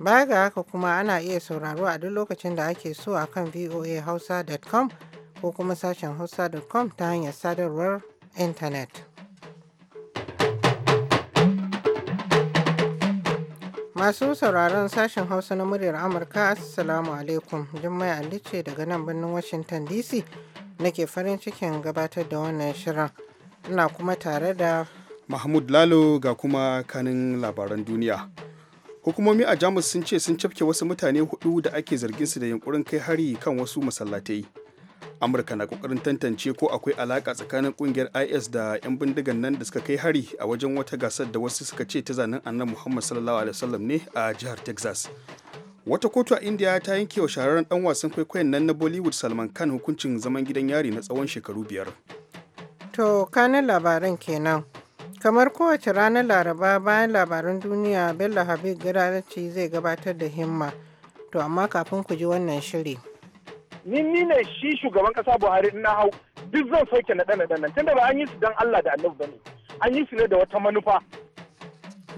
Baya ga haka kuma ana iya sauraro a duk lokacin da ake so a kan voahausa.com ko kuma sashen hausa.com ta hanyar sadarwar intanet. Masu sauraron sashen Hausa na muryar Amurka, Assalamu alaikum. Jummai Ali ce daga nan birnin Washington DC nake farin cikin gabatar da wannan shirin. Ina kuma tare da Mahmud Lalo ga kuma kanin labaran duniya. hukumomi a jamus sun ce sun cafke wasu mutane hudu da ake zargin su da yunkurin kai hari kan wasu masallatai amurka na kokarin tantance ko akwai alaka tsakanin kungiyar is da 'yan bindigan nan da suka kai hari a wajen wata gasar da wasu suka ce ta zanen annabi muhammad sallallahu alaihi wasallam ne a jihar texas wata kotu a india ta yanke wa shahararren dan wasan kwaikwayon nan na bollywood salman khan hukuncin zaman gidan yari na tsawon shekaru biyar to kanin labaran kenan Kamar kowace ranar Laraba bayan labaran duniya, Bello Habib ce zai gabatar da himma. To amma kafin ku ji wannan shiri. Ni ni ne shi shugaban kasa Buhari na hau duk zan soke na dana dana tunda ba an yi su don Allah da annabu bane. An yi su ne da wata manufa.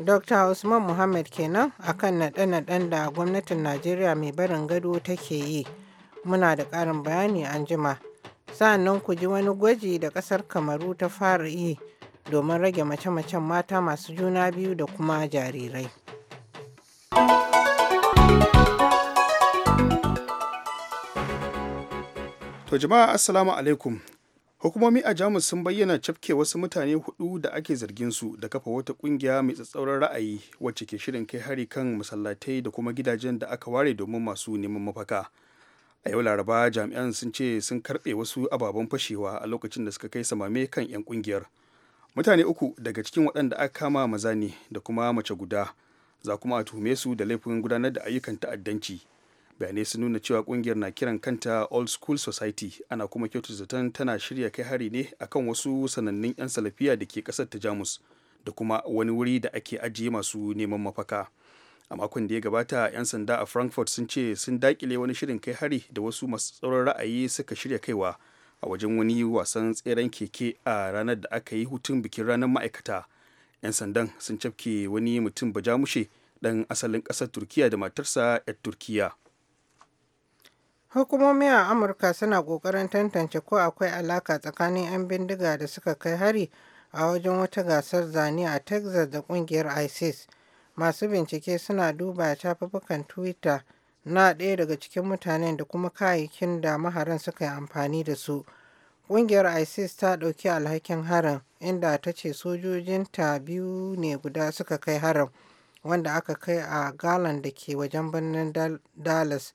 Dr. Usman Muhammad kenan akan naɗe-naɗen da gwamnatin Najeriya mai barin gado take yi. Muna da ƙarin bayani an jima. Sa'annan ku ji wani gwaji da ƙasar Kamaru ta fara yi. domin rage mace-macen mata masu juna biyu da kuma jarirai. To jama'a assalamu alaikum. Hukumomi a Jamus sun bayyana cafke wasu mutane hudu da ake zargin su da kafa wata kungiya mai tsatsauran ra'ayi wacce ke shirin kai hari kan masallatai da kuma gidajen da aka ware domin masu neman mafaka. A yau Laraba jami'an sun ce sun karɓe wasu ababen fashewa a lokacin da suka kai samame kan 'yan kungiyar. mutane uku daga cikin waɗanda aka kama maza ne da kuma mace guda za kuma a tuhume su da laifin gudanar da ayyukan ta'addanci bayanai sun nuna cewa kungiyar na kiran kanta old school society ana kuma kyautu zaton tana shirya kai hari ne akan wasu sanannun 'yan salafiya da ke kasar ta jamus da kuma wani wuri da ake ajiye masu neman mafaka a makon da ya gabata 'yan sanda a frankfurt sun ce sun dakile wani shirin kai hari da wasu masu tsoron ra'ayi suka shirya kaiwa a wajen wani wasan tseren keke a ranar da aka yi hutun bikin ranar ma'aikata 'yan sandan sun cafke wani mutum bajamushe dan asalin ƙasar turkiya da matarsa 'yar turkiya hukumomi a amurka suna ƙoƙarin tantance ko akwai alaka tsakanin 'yan bindiga da suka kai hari a wajen wata gasar zane a texas da ƙungiyar isis masu bincike suna duba shafafukan twitter na ɗaya daga cikin mutanen da kuma kayayyakin da maharan suka yi amfani da su ƙungiyar isis ta ɗauki alhakin harin inda ta ce sojojinta biyu ne guda suka kai harin wanda aka kai a galan da ke wajen birnin dallas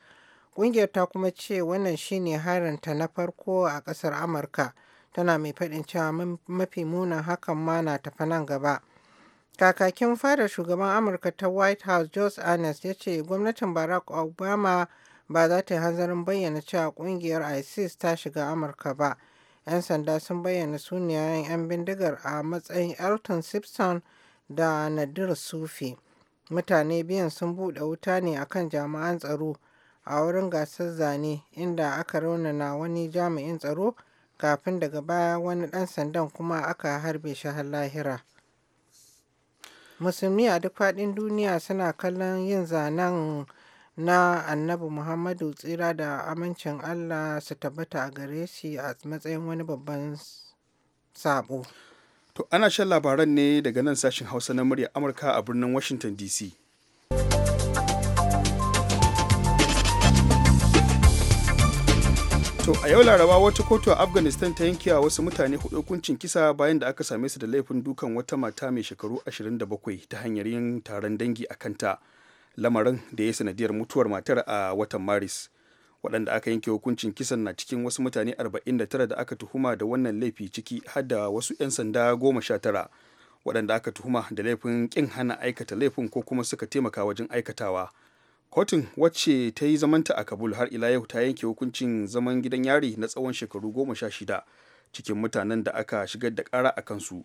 ƙungiyar ta kuma ce wannan shine ta na farko a ƙasar amurka tana mai faɗin cewa mafi munin hakan ma na tafi nan gaba Kakakin fadar shugaban Amurka ta White House Jos arnest ya ce gwamnatin Barack Obama ba za ta yi hanzarin bayyana cewa kungiyar ISIS ta shiga Amurka ba. 'Yan sanda sun bayyana sunayen 'yan bindigar a matsayin Elton Simpson da Nadir Sufi. Mutane biyan sun buɗe wuta ne akan jami'an tsaro a wurin gasar zane inda aka raunana wani jami'in tsaro kafin daga baya wani ɗan sandan kuma aka harbe shi har lahira. musulmi a duk faɗin duniya suna kallon yin zanen na annabi muhammadu tsira da amincin allah su tabbata a gare shi a matsayin wani babban sabo to ana shan labaran ne daga nan sashen hausa na murya amurka a birnin washington dc To a yau laraba wata kotu a Afghanistan ta yanke wa wasu mutane hudu hukuncin kisa bayan da aka same su da laifin dukan wata mata mai shekaru 27 ta hanyar yin taron dangi a kanta. Lamarin da ya yi sanadiyar mutuwar matar a watan Maris. Waɗanda aka yanke hukuncin kisan na cikin wasu mutane 49 da aka tuhuma da wannan laifi ciki har da wasu 'yan sanda 19 waɗanda aka tuhuma da laifin ƙin hana aikata laifin ko kuma suka taimaka wajen aikatawa. kotun wacce ta yi zamanta a kabul har ila yau ta yanke hukuncin zaman gidan yari na tsawon shekaru goma sha shida cikin mutanen da aka shigar da kara a kansu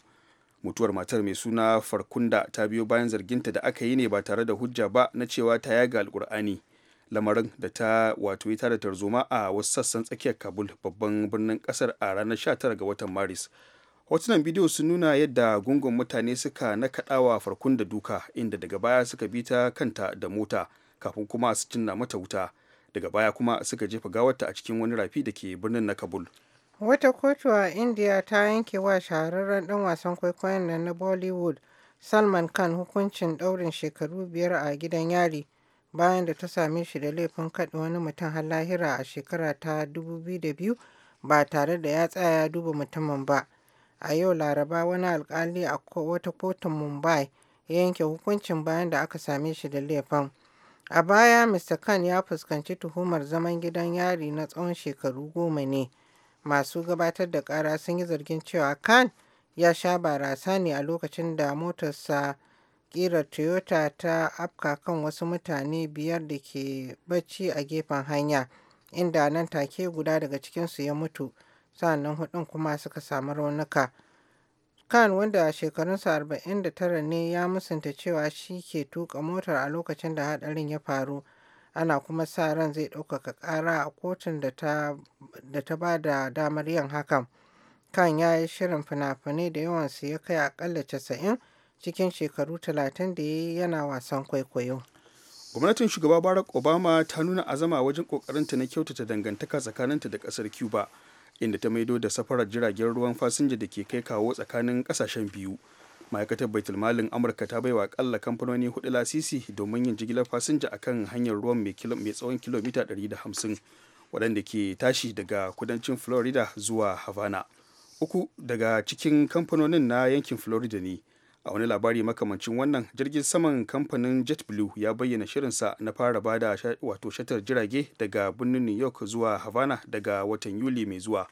mutuwar matar mai suna farkunda ta biyo bayan zarginta da aka yi ne ba tare da hujja ba na cewa ta yaga alkur'ani lamarin da ta wato ita da tarzoma a wasu sassan tsakiyar kabul babban birnin kasar a ranar 19 ga watan maris hotunan bidiyo sun nuna yadda gungun mutane suka nakaɗawa farkunda duka inda daga baya suka bi ta kanta da mota kafin kuma su cinna mata wuta daga baya kuma suka jefa gawarta a cikin wani rafi da ke birnin na kabul wata kotu a india ta yanke wa shahararren dan wasan kwaikwayon nan na bollywood salman khan hukuncin daurin shekaru biyar a gidan yari bayan da ta same shi da laifin kaɗa wani mutum har lahira a shekara ta 2002 ba tare da ya tsaya ya duba mutumin ba a yau laraba wani alkali a wata kotun mumbai ya yanke hukuncin bayan da aka same shi da laifin A baya, Mr. Khan ya fuskanci tuhumar zaman gidan yari na tsawon shekaru goma ne. Masu gabatar da ƙara sun yi zargin cewa Khan ya sha barasa ne a lokacin da motarsa ƙirar Toyota ta afka kan wasu mutane biyar da ke bacci a gefen hanya, inda nan take guda daga cikinsu ya mutu, sannan hudun kuma suka samu raunuka. Khan wanda shekarunsa 49 ne ya musanta cewa shi ke tuka motar a lokacin da hadarin ya faru. Ana kuma sa ran zai ɗaukaka ƙara a kotun da ta ba da damar yin hakan. Khan ya yi shirin fina-finai da yawansu ya kai akalla 90 cikin shekaru 30 da ya yi yana wasan kwaikwayo. Gwamnatin shugaba Barack Obama ta nuna azama wajen ƙoƙarinta na kyautata dangantaka tsakaninta da ƙasar Cuba. inda ta maido da safarar jiragen ruwan fasinja da ke kai kawo tsakanin kasashen biyu ma'aikatar baitulmalin amurka ta bai wa akalla kamfanoni hudu lasisi domin yin jigilar fasinja akan hanyar ruwan mai tsawon kilomita 150 waɗanda ke tashi daga kudancin florida zuwa havana uku daga cikin kamfanonin na yankin florida ne a wani labari makamancin wannan jirgin saman kamfanin jetblue ya bayyana shirinsa na fara bada wato shatar jirage daga birnin new york zuwa havana daga watan yuli mai zuwa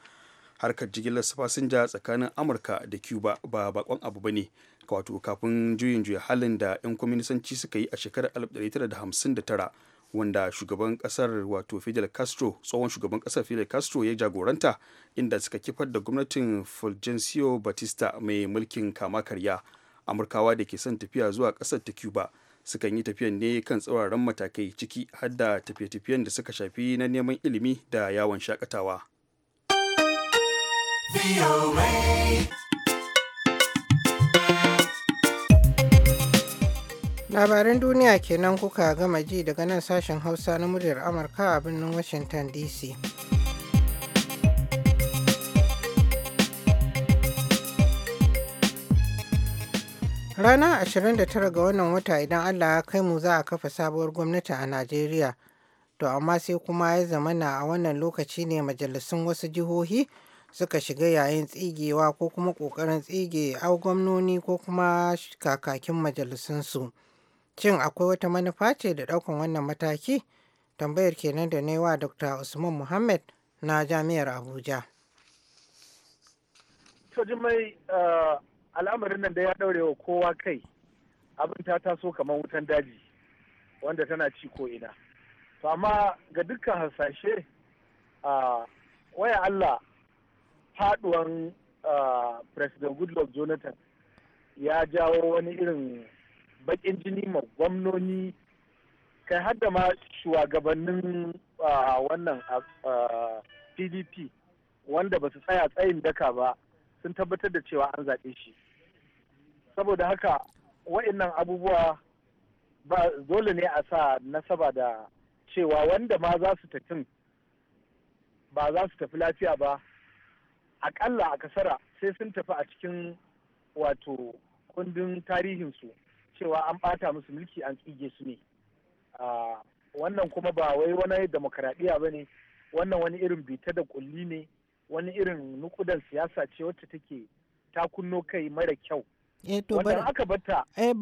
harkar jigilar fasinja tsakanin amurka da cuba ba bakon abu ba ne wato kafin juyin juya halin da 'yan kwaminisanci suka yi a shekarar 1959 wanda shugaban kasar wato fidel castro tsohon shugaban kasar fidel castro ya jagoranta inda suka kifar da gwamnatin fulgencio batista mai mulkin kama karya amurkawa da ke son tafiya zuwa ƙasar ta cuba sukan yi tafiyan ne kan tsauraran matakai ciki har da tafiye-tafiyen da suka shafi na neman ilimi da yawon shakatawa labaran duniya kenan kuka gama ji daga nan sashen hausa na muryar amurka a birnin washington dc Rana 29 ga wannan wata idan Allah ya kai mu za a kafa sabuwar gwamnati a Najeriya. To amma sai kuma ya zamana a wannan lokaci ne majalisun wasu jihohi suka shiga yayin tsigewa ko kuma ƙoƙarin tsige au gwamnoni ko kuma kakakin majalisunsu. Cin akwai wata manufa ce da ɗaukan wannan mataki? Tambayar kenan da wa Dr. Usman Muhammad na Jami'ar Abuja. al'amarin nan da ya daure wa kowa kai abin ta taso kamar wutan daji wanda tana ci ko ina to amma ga dukkan hasashe a waya Allah faduwan president goodluck jonathan ya jawo wani irin bakin jini ma gwamnoni kai hadda ma shugabannin wannan pdp wanda ba su tsaya tsayin daka ba sun tabbatar da cewa an zaɓe shi saboda haka wa'annan abubuwa ba dole ne a sa nasaba da cewa wanda ma za su tafi ba za su tafi lafiya ba akalla a kasara sai sun tafi a cikin wato kundin tarihinsu cewa an ɓata musu mulki an tsige su ne wannan kuma ba wai wani demokaradiyya ba ne wannan wani irin bita da ƙulli ne wani irin nukudan siyasa ce wacce take ta kunno kai mara kyau Eh aka bata eh,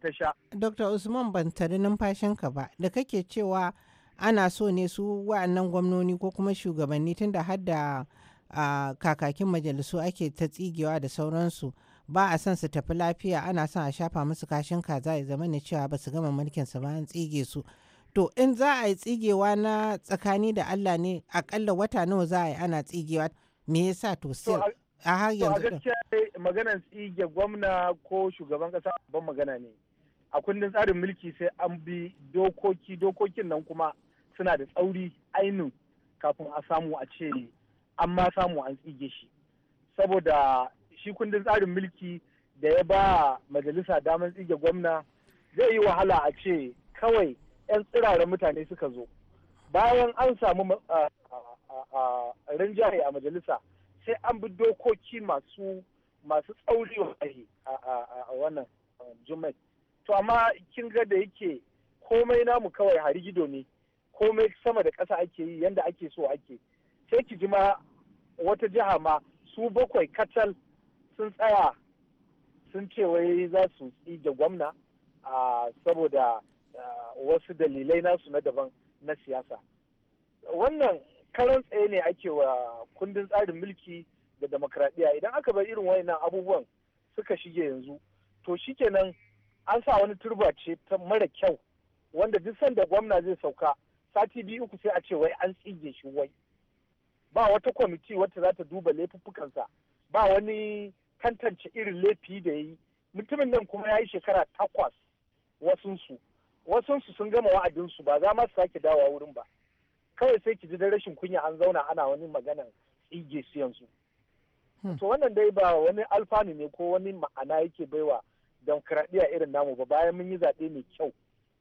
ta sha. Dr. Usman ban tare numfashinka ba da kake cewa ana so ne su wa'annan gwamnoni ko kuma shugabanni tunda har da uh, kakakin majalisu ake ta tsigewa da sauransu ba a son su tafi lafiya ana son a shafa musu kashin kaza ya zama ne cewa ba su gama mulkin su ba an tsige su to in za a yi tsigewa na tsakani da Allah ne akalla wata nawa za a yi ana tsigewa me yasa to still a gaskiya maganar tsige gwamna ko shugaban kasa ban magana ne a kundin tsarin mulki sai an bi dokoki dokokin nan kuma suna da tsauri ainihin kafin a samu a ce an ma samu an tsige shi saboda shi kundin tsarin mulki da ya ba majalisa damar tsige gwamna zai yi wahala a ce kawai 'yan tsiraren mutane suka zo bayan an samu ah, ah, ah, rinjaye a majalisa sai an bi dokoki masu masu tsauri a wannan um, jummai to amma kin ga da yake komai namu kawai harigido ne komai sama da ƙasa ake yi yanda ake so ake sai ki ji ma wata jiha ma su bakwai kacal sun tsaya sun ce wai za su da gwamna saboda wasu dalilai nasu na daban na siyasa wannan karan tsaye ne ake wa kundin tsarin mulki da demokradiyya idan aka bar irin wayannan abubuwan suka shige yanzu to shikenan an sa wani turba ce ta mara kyau wanda duk sanda gwamna zai sauka sati biyu uku sai a ce wai an tsige shi wai ba wata kwamiti wata za ta duba laifuffukansa ba wani tantance irin laifi da ya yi mutumin nan kuma ya yi shekara takwas wasunsu wasunsu sun gama wa'adinsu ba za ma su sake dawa wurin ba kawai sai ki ji da rashin kunya an zauna ana wani magana tsige su yanzu hmm. to wannan dai ba wani alfanu ne ko wani ma'ana yake baiwa demokradiyya irin namu ba bayan mun yi zaɓe mai kyau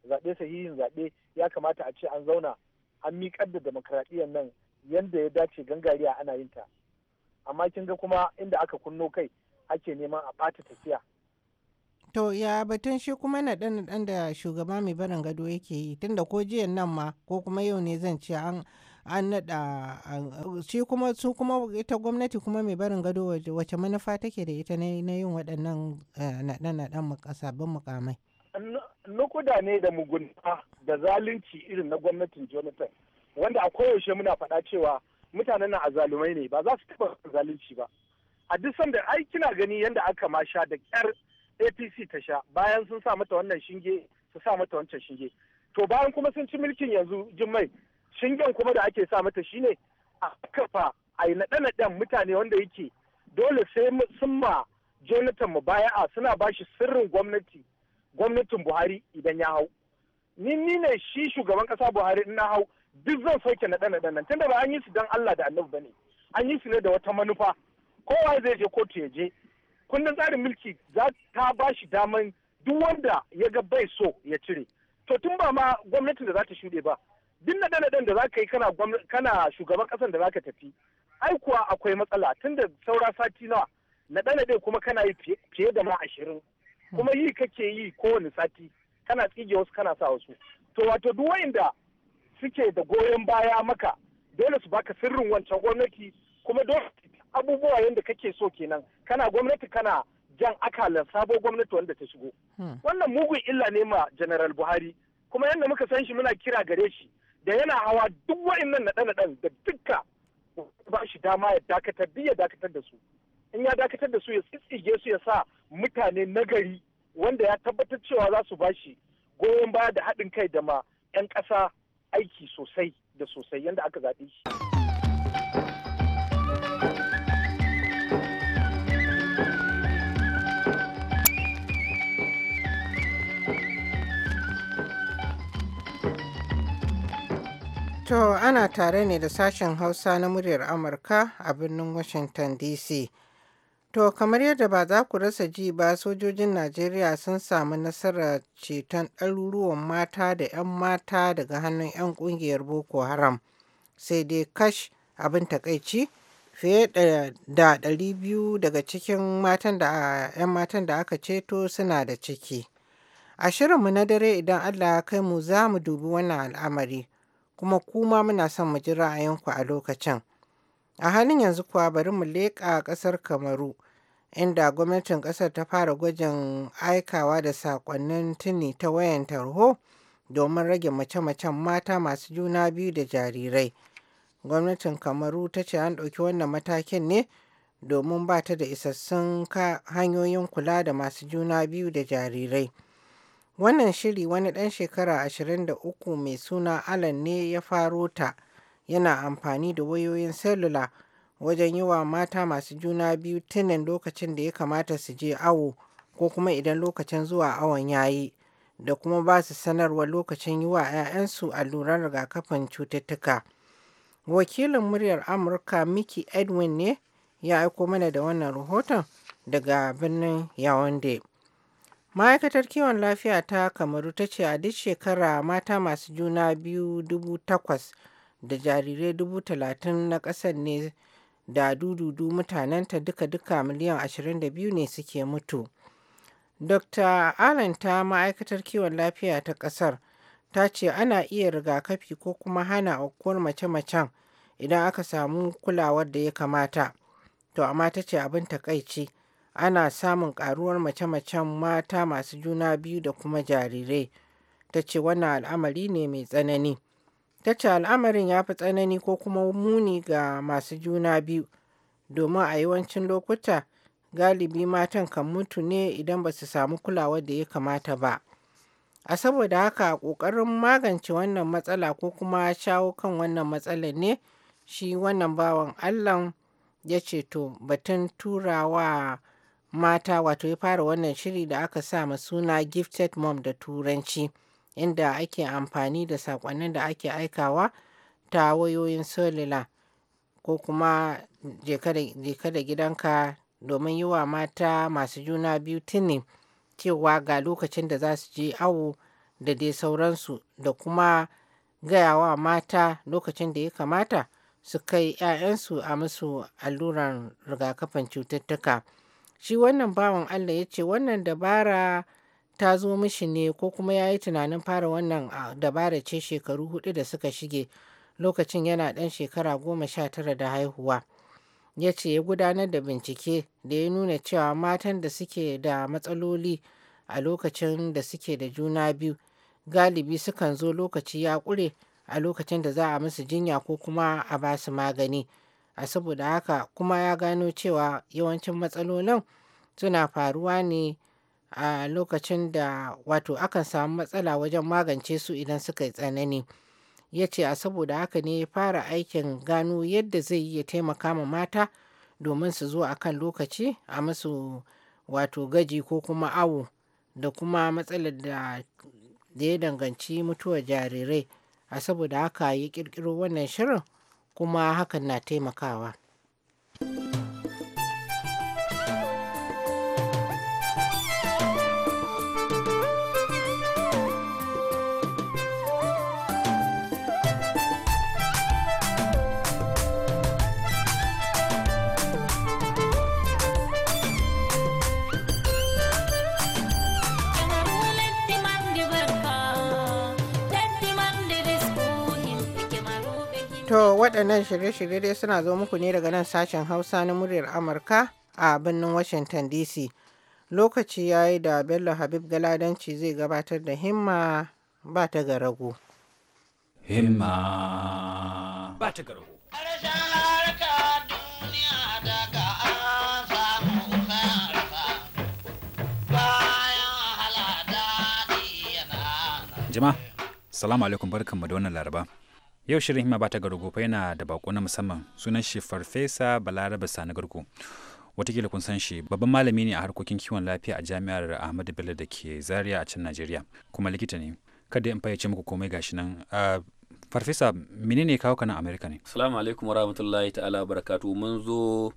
zaɓe sahihin zaɓe ya kamata a ce an zauna an miƙar da demokradiyyar nan yadda ya dace gangariya ana yin ta amma kin ga kuma inda aka kunno kai ake neman a ɓata tafiya To ya batun shi kuma naɗe dan da shugaba mai barin gado yake yi tunda ko jiyan nan ma ko kuma yau ne zan ce an an nada shi kuma su kuma ita gwamnati kuma mai barin gado wace manufa take da ita na yin waɗannan eh, naɗe-naɗen sabbin mukamai. Nukuda ne da mugunta da zalunci irin na gwamnatin Jonathan wanda a koyaushe muna faɗa cewa mutanen na azalumai ne ba za su taɓa zalunci ba. A duk sanda ai kina gani yadda aka ma sha da ƙyar apc ta sha bayan sun sa mata wannan shinge su sa mata wancan shinge to bayan kuma sun ci mulkin yanzu jimmai shingen kuma da ake sa mata shine a kafa a yi naɗe-naɗen mutane wanda yake dole sai sun ma jonathan mubaya'a suna ba shi sirrin gwamnati gwamnatin buhari idan ya hau ni ni ne shi shugaban ƙasa buhari in na hau duk zan sauke naɗe-naɗen nan tunda ba an yi su don allah da annabi ba ne an yi su ne da wata manufa kowa zai je kotu ya je kundin tsarin mulki za ta ba shi daman duk wanda ya ga bai so ya cire to tun ba ma gwamnatin da za ta shuɗe ba duk na naɗen da za ka yi kana shugaban ƙasar da za ka tafi ai kuwa akwai matsala tun da saura sati nawa naɗe-naɗe kuma kana yi fiye da ma ashirin kuma yi kake yi kowane sati kana tsige wasu kana sa wasu to wato duk wa'inda suke da goyon baya maka dole su baka sirrin wancan gwamnati kuma dole abubuwa yadda kake so kenan kana gwamnati kana jan akalan sabo gwamnati wanda ta shigo hmm. wannan mugun illa ne ma general buhari kuma yadda muka san shi muna kira gare shi da yana hawa duk wa'annan naɗe-naɗen da dukka ba shi dama ya dakatar ya dakatar da su in ya dakatar da su ya tsitsige su ya sa mutane nagari wanda ya tabbatar cewa za su ba shi goyon baya da haɗin kai da ma 'yan ƙasa aiki sosai da sosai yadda aka zaɓe shi. To ana tare ne da sashen Hausa na muryar Amurka a birnin Washington DC. To kamar yadda ba za ku rasa ji ba sojojin Najeriya sun samu nasarar ceton ɗaruruwan mata da 'yan mata daga hannun 'yan ƙungiyar Boko Haram. Sai dai kash abin takaici fiye da ɗari biyu daga cikin matan da 'yan matan da aka ceto suna da ciki. A shirinmu na dare idan Allah ya kai mu za mu dubi wannan al'amari. kuma kuma muna son mu ji ra'ayinku a lokacin. A halin yanzu kuwa bari mu leƙa ƙasar Kamaru inda gwamnatin ƙasar ta fara gwajin aikawa da saƙonnin tuni ta wayan tarho domin rage mace-macen mata masu juna biyu da jarirai. Gwamnatin Kamaru ta ce an ɗauki wannan matakin ne domin ba ta da isassun hanyoyin kula da masu juna biyu da jarirai. Wannan shiri wani ɗan shekara 23 mai suna Alan ne ya faro ta yana amfani da wayoyin selula wajen yi wa mata masu juna biyu tunin lokacin da ya kamata su je awo ko kuma idan lokacin zuwa awon ya yi da kuma ba su sanarwa lokacin yi wa 'ya'yansu alluran rigakafin cututtuka. Wakilin muryar Amurka Mickey Edwin ne ya aiko mana da wannan rahoton daga birnin Yaounde. ma'aikatar kiwon lafiya ta kamaru ta ce a duk shekara mata masu juna biyu dubu takwas da jarirai dubu talatin na ƙasar ne da dududu mutanenta duka-duka miliyan da biyu ne suke mutu dr allen ta ma'aikatar kiwon lafiya ta ƙasar ta ce ana iya rigakafi ko kuma hana aukuwar mace-macen idan aka samu kulawar da ya kamata to amma ta ce abin takaici ana samun karuwar mace-macen mata masu juna biyu da kuma jarirai ta ce wannan al'amari ne mai tsanani ta ce al'amarin ya fi tsanani ko kuma muni ga masu juna biyu domin a yawancin lokuta galibi matan kan mutu ne idan ba su samu kulawa da ya kamata ba a saboda haka ƙoƙarin magance wannan matsala ko kuma shawo kan wannan matsalar ne shi wannan bawan allah ya ce to batun turawa mata wato ya fara wannan shiri da aka sa suna gifted mom da turanci inda ake amfani da saƙonnin da ake aikawa ta wayoyin solila ko kuma jeka da gidanka domin yi wa mata masu juna biyu tuni cewa ga lokacin da za su je awo da dai sauransu da kuma gayawa mata lokacin da ya kamata su kai 'ya'yansu a musu alluran rigakafin cututtuka. Shi wannan bawan Allah ya ce wannan dabara ta zo mishi ne ko kuma ya yi tunanin fara wannan dabara ce shekaru hudu da suka shige lokacin yana ɗan shekara goma sha tara da haihuwa. Ya ce ya gudanar da bincike da ya nuna cewa matan da suke da matsaloli a lokacin da suke da juna biyu galibi sukan zo lokaci ya ƙure a lokacin da za a musu jinya ko kuma a ba su magani. a saboda haka kuma ya gano cewa yawancin matsalolin suna faruwa ne a lokacin da wato akan samu matsala wajen magance su idan suka yi tsanani ya ce a saboda haka ne ya fara aikin gano yadda zai iya taimaka ma mata domin su zo a kan lokaci a musu wato gaji ko kuma awo da kuma matsalar da ya danganci mutuwar jarirai a saboda haka ya kirkiro wannan shirin kuma hakan na taimakawa waɗannan shirye-shirye dai suna zo muku ne daga nan sashen hausa na muryar amurka a birnin washington dc lokaci ya yi da bello habib galadanci zai gabatar da himma ba ta ga rago himma ba ta ga rago jama'a salamu alaikum barkanmu da laraba yau shirin hima ba ta gargo yana da bako na musamman sunan shi farfesa balaraba sani gargo watakila kun san shi babban malami ne a harkokin kiwon lafiya a jami'ar ahmadu bello da ke zaria a can najeriya kuma likita ne kada in fayyace muku komai gashi nan farfesa menene kawo ka nan amerika ne salamu alaikum warahmatullahi ta'ala barakatu mun zo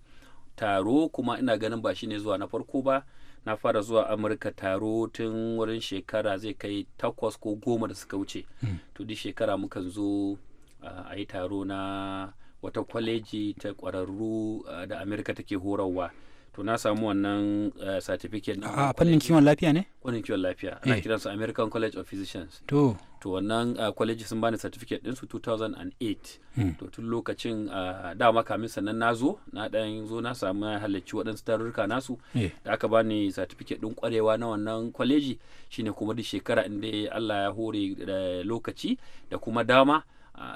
taro kuma ina ganin ba ne zuwa na farko ba na fara zuwa amurka taro tun wurin shekara zai kai takwas ko goma da suka wuce hmm. to duk shekara mukan zo a yi taro na wata kwaleji ta kwararru da amerika take horarwa to na samu wannan certificate a ah, fannin kiwon lafiya ne fannin kiwon lafiya ana eh. kiransu american college of physicians to to wannan kwaleji sun bani certificate ɗinsu 2008 hmm. to tun lokacin dama kamin sannan na zo na dan zo na samu halarci waɗansu tarurruka nasu eh. da aka bani certificate din kwarewa na wannan kwaleji shine kuma duk shekara inda Allah ya hore eh, lokaci da kuma dama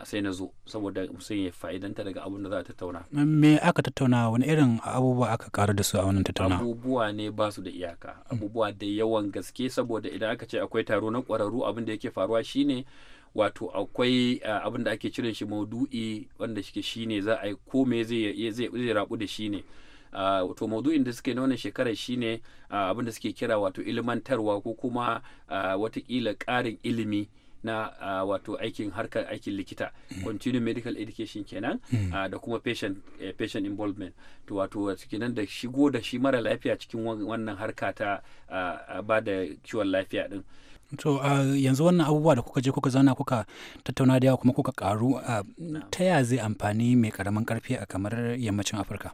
sai na zo saboda sun ya fa'idanta daga abin da za a tattauna. Me aka tattauna wani irin abubuwa aka ƙara da su a wannan tattauna? Abubuwa ne ba su da iyaka, abubuwa da yawan gaske saboda idan aka ce akwai taro na ƙwararru abin da yake faruwa shine wato akwai abin da ake cire shi maudu'i wanda shi shine za a yi ko me zai zai rabu da shine. wato maudu'in da suke na wannan shekarar shine abin da suke kira wato ilmantarwa ko kuma watakila ƙarin ilimi. na uh, wato aikin harkar aikin likita mm. Continue medical education kenan uh, da kuma patient eh, patient involvement to wato kenan da shigo da shi mara lafiya cikin wannan harka ta ba da kiwon lafiya din to yanzu wannan abubuwa da kuka je kuka zauna kuka tattauna da yawa kuma kuka karu ta ya zai amfani mai karamin karfi a kamar yammacin afirka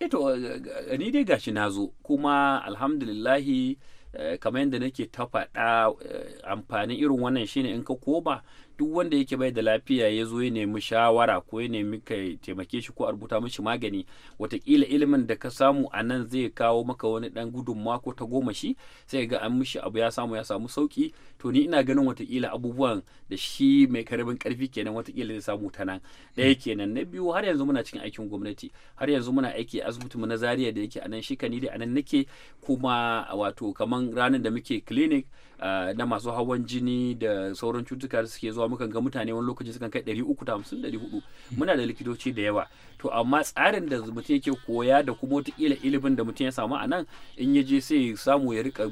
eto eh eh, ni dai gashi na zo kuma alhamdulillahi Eh, kamar yadda nake ta faɗa eh, amfanin irin wannan shine in ka koma duk wanda yake bai da lafiya ya zo ya nemi shawara ko ya nemi ka taimake shi ko a rubuta mishi magani watakila ilimin da ka samu a nan zai kawo maka wani dan gudunmawa ko ta goma shi sai ga an mishi abu ya samu ya samu sauki to ni ina ganin watakila abubuwan da shi mai karamin karfi kenan watakila zai samu ta nan ɗaya kenan na biyu har yanzu muna cikin aikin gwamnati har yanzu muna aiki a asibiti mu na Zariya da yake a nan shi kani da a nan nake kuma wato kaman ranar da muke clinic Ah, na masu hawan jini da sauran cutuka da suke zuwa mukan ga mutane wani lokaci sukan kai 350 400 muna da likitoci da yawa to amma tsarin da mutum yake koya da kuma wataƙila ilimin da mutum ya samu a nan in ya je sai samu ya rika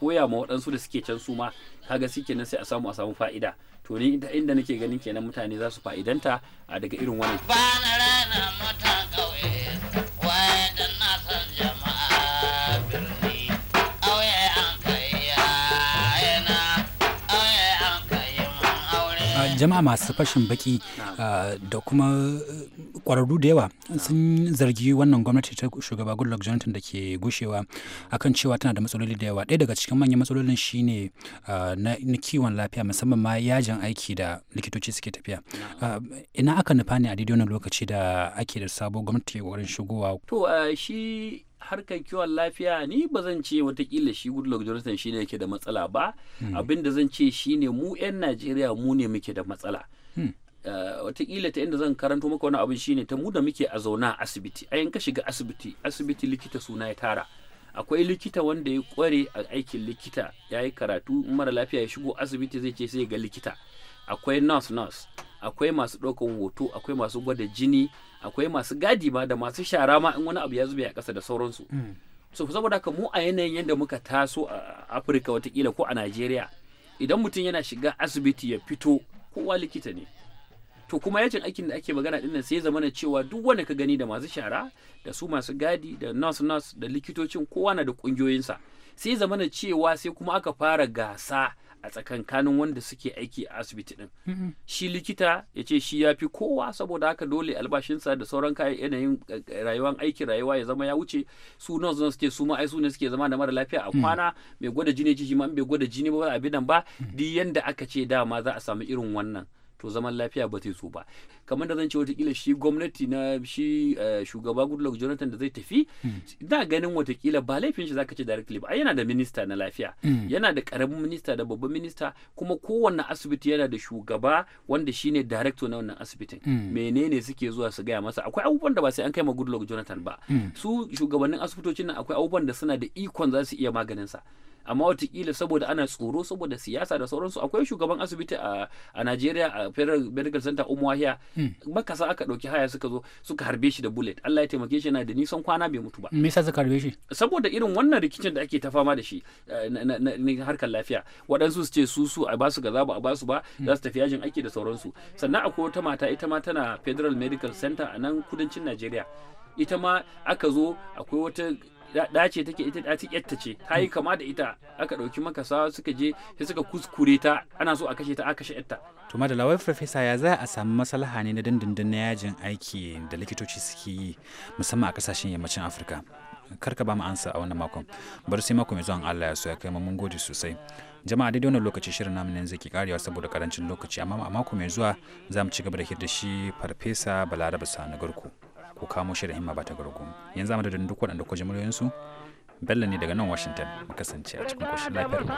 koya ma waɗansu da suke can su ma kaga shi kenan sai a samu a samu fa'ida to ni inda nake ganin kenan mutane za su fa'idanta a daga irin wannan jama'a masu fashin baki ah, da kuma kwararru eh, da yawa sun zargi wannan gwamnati ta shugaba goodluck jonathan da ke gushewa akan cewa tana da matsaloli da yawa ɗaya daga cikin manyan matsalolin shine ah, na kiwon lafiya musamman ma yajin aiki da likitoci suke tafiya ah, ina aka nufa ne a daidai wannan lokaci da ake da sabo gwamnati ke shigowa to shi harkar kiwon lafiya ni ba zan ce watakila shi goodluck jonathan shi ne yake da matsala ba hmm. abin da zan ce shi ne mu 'yan najeriya mu ne muke da matsala hmm. eh, watakila ta inda zan karanto maka wani abin ne ta mu da muke a zauna asibiti a ka shiga asibiti asibiti likita suna ya tara akwai likita wanda ya kware a aikin likita ya yi karatu mara lafiya ya shigo asibiti zai ce sai ga likita akwai nurse nurse akwai masu ɗaukan hoto akwai masu gwada jini akwai masu gadi ma da masu shara ma in wani abu ya zube a ƙasa da sauransu mm. so saboda haka mu a yanayin yadda muka taso a afirka watakila ko a najeriya idan mutum yana shiga asibiti ya fito kowa likita ne to kuma yajin aikin da ake magana dinnan sai zama na cewa duk wanda ka gani da masu shara da su masu gadi da nurse nurse da likitocin kowa na da ƙungiyoyinsa sai zama na cewa sai kuma aka fara gasa a tsakankanin wanda suke aiki a asibiti din mm-hmm. shi likita ya ce shi ya fi kowa saboda haka dole albashinsa da sauran kayan yanayin eh, eh, rayuwar aiki rayuwa ya zama ya wuce su nurse nurse suke su ma su ne suke zama da mara lafiya a mm-hmm. kwana mai gwada jini ji ma bai gwada jini ba abin nan ba mm-hmm. duk yanda aka ce dama za a samu irin wannan to zaman lafiya ba zai so ba kamar da zan ce watakila shi gwamnati na shi eh, shugaba goodluck jonathan da zai tafi hmm. ina ganin watakila ba laifin shi zaka ce directly ba yana da minista na lafiya hmm. yana da karamin minista da babban minista kuma kowanne asibiti yana da shugaba wanda shine director na wannan asibitin hmm. menene suke zuwa su gaya masa akwai abubuwan da ba sai an kai ma goodluck jonathan ba su shugabannin asibitocin nan akwai abubuwan da suna da ikon za su iya maganin sa amma watakila saboda ana tsoro saboda siyasa da sauransu akwai shugaban asibiti a Najeriya a Federal Medical Center Umuahia makasa hmm. aka dauki haya suka zo suka harbe shi da bullet Allah ya taimake shi yana da nisan kwana bai mutu ba me yasa suka harbe shi saboda irin wannan rikicin da ake ta fama da shi eh, na harkar lafiya waɗansu su ce su su a basu gaza ba a basu ba hmm. za su tafi yajin aiki da sauransu sannan akwai wata mata ita ma tana Federal Medical Center a nan kudancin Najeriya ita ma aka zo akwai wata da ce take ita da yatta ce ta yi kama da ita aka ɗauki makasa suka je sai suka kuskure ta ana so a kashe ta aka kashe ta to da lawai farfesa ya za a samu maslaha ne na dindindin na yajin aiki da likitoci suke yi musamman a kasashen yammacin afirka ka ba mu ansa a wannan makon bari sai mako mai zuwan Allah ya so ya kai mu mun gode sosai jama'a daidai wannan lokaci shirin namu ne zai karewa saboda karancin lokaci amma a mako mai zuwa za mu ci gaba da hidda shi farfesa balaraba Sani Garko ko kamo shi da himma ba ta gargo yanzu amma da duk waɗanda ku ji muryoyinsu bello ne daga nan washington mu kasance a cikin koshin lafiyar mu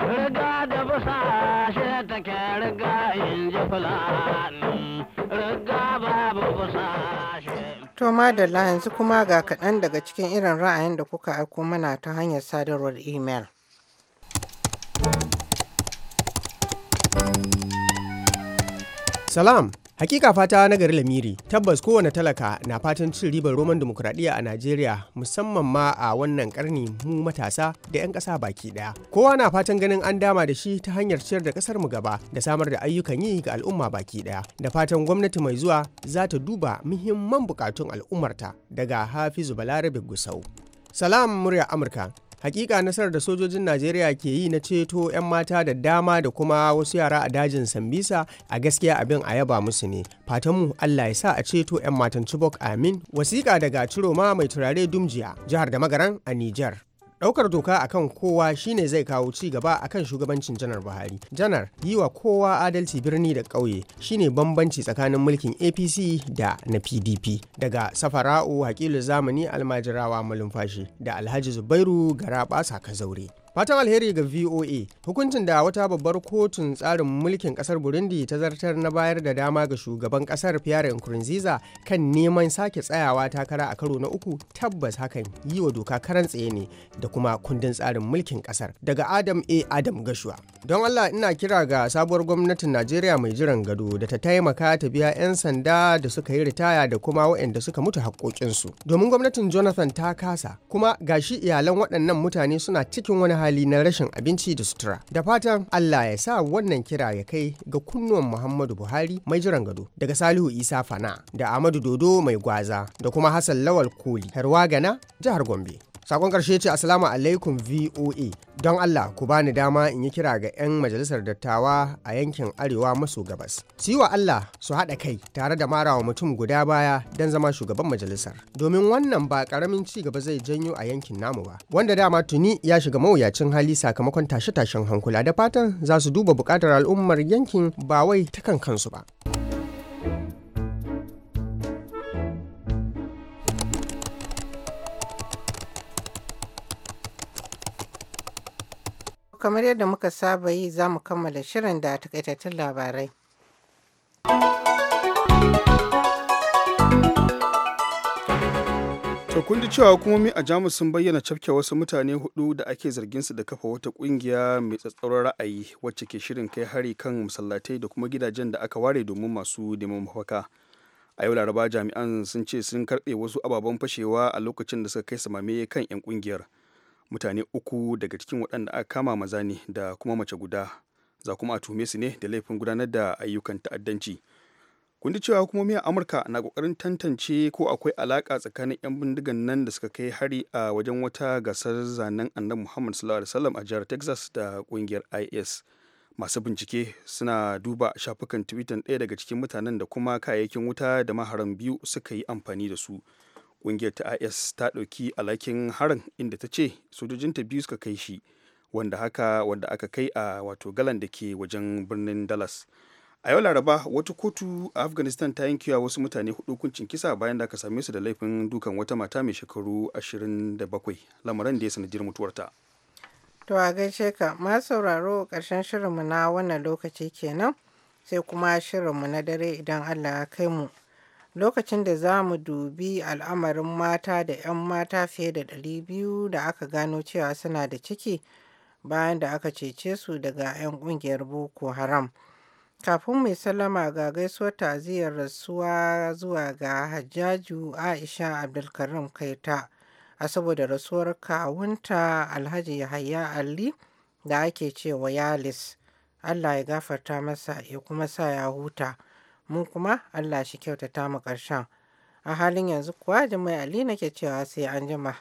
riga da busa shi take riga in ji riga babu busa To madalla yanzu kuma ga kaɗan daga cikin irin ra'ayin da kuka aiko mana ta hanyar sadarwar imel. Salam. Hakika fata na gari Lamiri, tabbas kowane talaka na fatan cin ribar Roman demokradiyya a Najeriya musamman ma a wannan karni mu matasa da 'yan ƙasa baki ɗaya. Kowa na fatan ganin an dama da shi ta hanyar ciyar da ƙasar mu gaba da samar da ayyukan yi ga al'umma baki ɗaya. Da fatan gwamnati mai zuwa za ta duba muhimman buƙatun al'ummarta daga Hafizu Balarabe Gusau. Salam murya Amurka. hakika nasarar da sojojin najeriya ke yi na ceto 'yan mata da dama da kuma wasu yara a dajin sambisa a gaskiya abin a yaba musu ne fatanmu allah ya sa a ceto 'yan matan chibok amin wasiƙa daga ciroma mai turare dumjiya jihar da magaran a niger Ɗaukar doka akan kowa shine zai kawo ci gaba akan shugabancin Janar Buhari. Janar yi wa kowa adalci birni da ƙauye shine bambanci tsakanin mulkin APC da na PDP. Daga Safara'u Hakilu Zamani Almajirawa Malumfashi da Alhaji Zubairu saka zaure Fatan alheri ga VOA hukuncin da wata babbar kotun tsarin mulkin kasar Burundi ta zartar na bayar da dama ga shugaban kasar Pierre Nkurunziza kan neman sake tsayawa takara a karo na uku tabbas hakan yi wa doka karan tsaye ne da kuma kundin tsarin mulkin kasar daga Adam A Adam Gashuwa. Don Allah ina kira ga sabuwar gwamnatin Najeriya mai jiran gado da ta taimaka ta biya 'yan sanda da suka yi ritaya da kuma waɗanda suka mutu haƙoƙinsu. Domin gwamnatin Jonathan ta kasa kuma gashi iyalan waɗannan mutane suna cikin wani hali na rashin abinci da sutura da fatan allah ya sa wannan kira ya kai ga kunnuwan muhammadu buhari mai jiran gado daga salihu isa fana da Ahmadu dodo mai gwaza da kuma hassan lawal koli harwa gana jihar gombe sakon karshe ce assalamu alaikum voa don allah ku bani dama in yi kira ga 'yan majalisar dattawa a yankin arewa maso gabas su yi wa allah su haɗa kai tare da marawa mutum guda baya don zama shugaban majalisar domin wannan ba karamin ci gaba zai janyo a yankin namu ba wanda dama tuni ya shiga mawuyacin hali sakamakon tashe-tashen hankula da fatan za su duba buƙatar al'ummar yankin ba wai ta kan kansu ba. kamar yadda muka saba yi za mu kammala shirin da takaitattun labarai. To kun ji cewa hukumomi a Jamus sun bayyana cafke wasu mutane hudu da ake zargin su da kafa wata kungiya mai tsatsauran ra'ayi wacce ke shirin kai hari kan masallatai da kuma gidajen da aka ware domin masu neman mafaka. A yau Laraba jami'an sun ce sun karbe wasu ababen fashewa a lokacin da suka kai samame kan 'yan kungiyar. mutane uku daga cikin waɗanda aka kama maza ne da kuma mace guda za kuma a tuhume su ne da laifin gudanar da ayyukan ta'addanci kun ji cewa hukumomi a amurka na kokarin tantance ko akwai alaka tsakanin 'yan bindigan nan da suka kai hari a wajen wata gasar zanen annabi muhammad sallallahu alaihi wasallam a jihar texas da kungiyar is masu bincike suna duba shafukan twitter ɗaya daga cikin mutanen da kuma kayayyakin wuta da maharan biyu suka yi amfani da su ƙungiyar ta is ta ɗauki alhakin harin inda ta ce sojojinta biyu suka kai shi wanda haka wanda aka kai a wato galan da ke wajen birnin dallas a yau laraba wata kotu a afghanistan ta yankewa wasu mutane hudu hukuncin kisa bayan da aka same su da laifin dukan wata mata mai shekaru 27 lamarin da ya sanadiyar mutuwarta to a gaishe ka ma sauraro karshen shirinmu na wannan lokaci kenan sai kuma shirinmu na dare idan allah ya kai mu lokacin da za mu dubi al'amarin mata da 'yan mata fiye da 200 da aka gano cewa suna da ciki bayan da aka cece su daga 'yan ƙungiyar boko haram kafin mai sallama ga gaisuwar taziyar rasuwa zuwa ga hajjaju aisha abdulkarim kaita a saboda rasuwar kawunta alhaji yahaya ali da ake cewa yalis allah ya gafarta masa ya kuma sa ya huta mu kuma Allah shi kyautata mu ƙarshen. A halin yanzu kuwa Jummai Ali nake cewa sai an jima.